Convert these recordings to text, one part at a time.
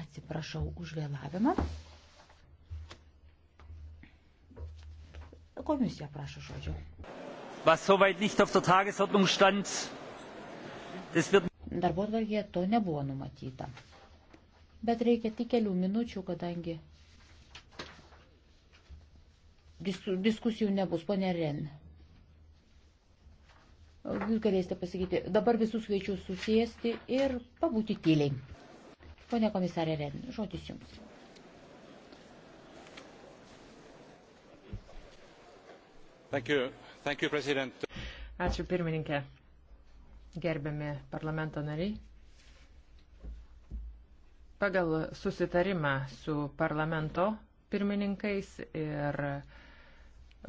Atsiprašau už vėlavimą. Komisija prašo žodžio. Was soweit nicht auf der Tagesordnung stand, das wird... Darbo tvarkėje to nebuvo numatyta. Bet reikia tik kelių minučių, kadangi dis diskusijų nebus, ponė Ren. Jūs galėsite pasakyti, dabar visus kviečiu susėsti ir pabūti tyliai. Pone komisarė Ren, žodis jums. Thank you. Thank you, President. Ačiū pirmininkė. Gerbiami parlamento nariai. Pagal susitarimą su parlamento pirmininkais ir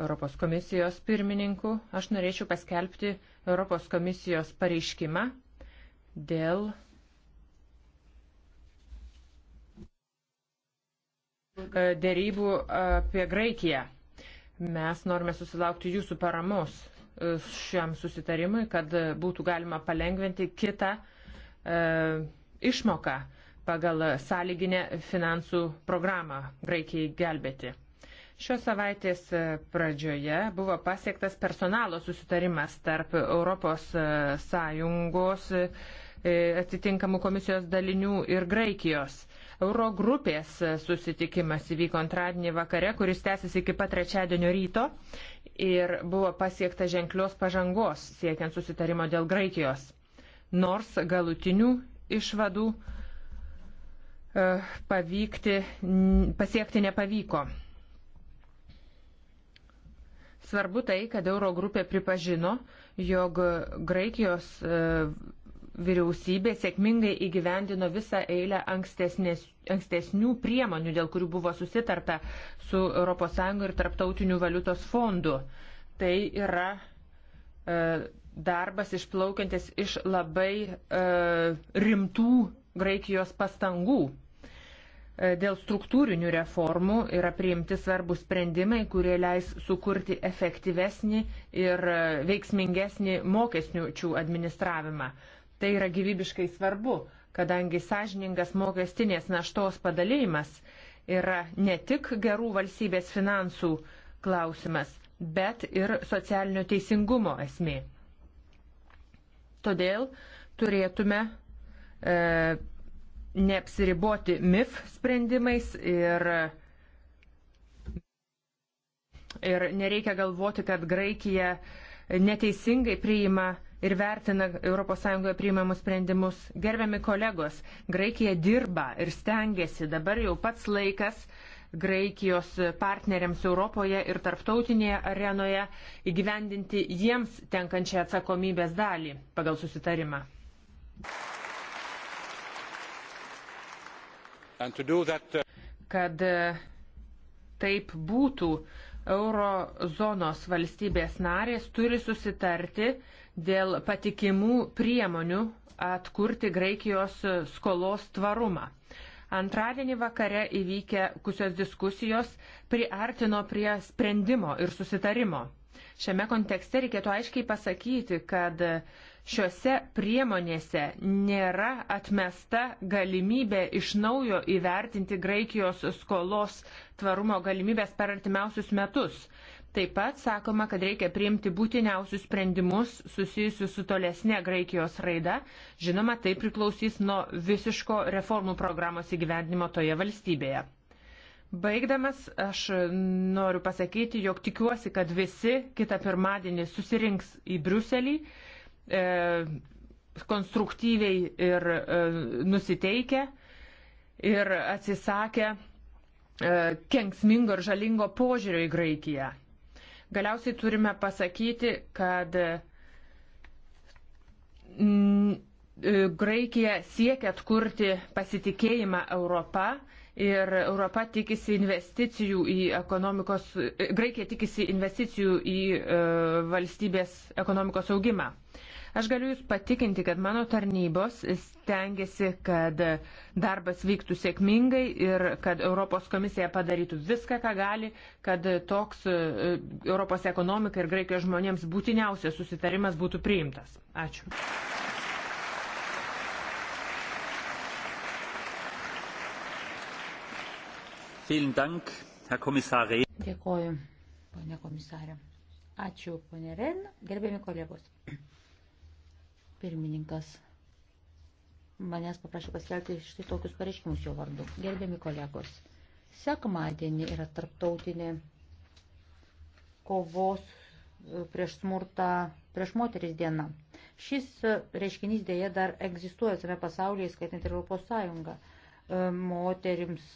Europos komisijos pirmininku aš norėčiau paskelbti Europos komisijos pareiškimą dėl E, dėrybų apie Graikiją. Mes norime susilaukti jūsų paramos e, šiam susitarimui, kad būtų galima palengventi kitą e, išmoką pagal sąlyginę finansų programą Graikijai gelbėti. Šios savaitės e, pradžioje buvo pasiektas personalo susitarimas tarp Europos e, Sąjungos e, atitinkamų komisijos dalinių ir Graikijos. Eurogrupės susitikimas įvyko antradienį vakare, kuris tęsis iki pat trečiadienio ryto ir buvo pasiekta ženklios pažangos siekiant susitarimo dėl Graikijos. Nors galutinių išvadų pavykti, pasiekti nepavyko. Svarbu tai, kad Eurogrupė pripažino, jog Graikijos e, vyriausybė sėkmingai įgyvendino visą eilę ankstesnių priemonių, dėl kurių buvo susitarta su ES ir Tarptautiniu valiutos fondu. Tai yra e, darbas išplaukiantis iš labai e, rimtų Graikijos pastangų. E, dėl struktūrinių reformų yra priimti svarbus sprendimai, kurie leis sukurti efektyvesnį ir e, veiksmingesnį mokesnių administravimą. Tai yra gyvybiškai svarbu, kadangi sąžiningas mokestinės naštos padalymas yra ne tik gerų valstybės finansų klausimas, bet ir socialinio teisingumo esmė. Todėl turėtume e, neapsiriboti MIF sprendimais ir, ir nereikia galvoti, kad Graikija neteisingai priima ir vertina ES priimamus sprendimus. Gerbiami kolegos, Graikija dirba ir stengiasi, dabar jau pats laikas Graikijos partneriams Europoje ir tarptautinėje arenoje įgyvendinti jiems tenkančią atsakomybės dalį pagal susitarimą. Thank you. That... Uh, Kad uh, taip būtų, eurozonos valstybės narės turi susitarti dėl patikimų priemonių atkurti Graikijos skolos tvarumą. Antradienį vakare įvykę kusios diskusijos priartino prie sprendimo ir susitarimo. Šiame kontekste reikėtų aiškiai pasakyti, kad šiuose priemonėse nėra atmesta galimybė iš naujo įvertinti Graikijos skolos tvarumo galimybės per artimiausius metus. Taip pat sakoma, kad reikia priimti būtiniausius sprendimus susijusius su tolesnė Graikijos raida. Žinoma, tai priklausys nuo visiško reformų programos įgyvendinimo toje valstybėje. Baigdamas, aš noriu pasakyti, jog tikiuosi, kad visi kitą pirmadienį susirinks į Briuselį e, konstruktyviai ir e, nusiteikę ir atsisakę e, kenksmingo ir žalingo požiūrio į Graikiją. Galiausiai turime pasakyti, kad. Mm, E, Graikija siekia atkurti pasitikėjimą Europą ir Europa tikisi investicijų į ekonomikos, e, Graikija tikisi investicijų į e, valstybės ekonomikos augimą. Aš galiu Jūs patikinti, kad mano tarnybos stengiasi, kad darbas vyktų sėkmingai ir kad Europos komisija padarytų viską, ką gali, kad toks Europos ekonomika ir Graikijos žmonėms būtiniausias susitarimas būtų priimtas. Ačiū. Dank, Dėkoju, ponė komisarė. Ačiū, ponė Ren, gerbėmi kolegos. Pirmininkas manęs paprašė paskelbti štai tokius pareiškimus jo vardu. Gerbėmi kolegos, sekmadienį yra tarptautinė kovos e, prieš smurtą, prieš moteris diena. Šis e, reiškinys dėja dar egzistuoja visame pasaulyje, skaitant ir Europos Sąjungą. E, moterims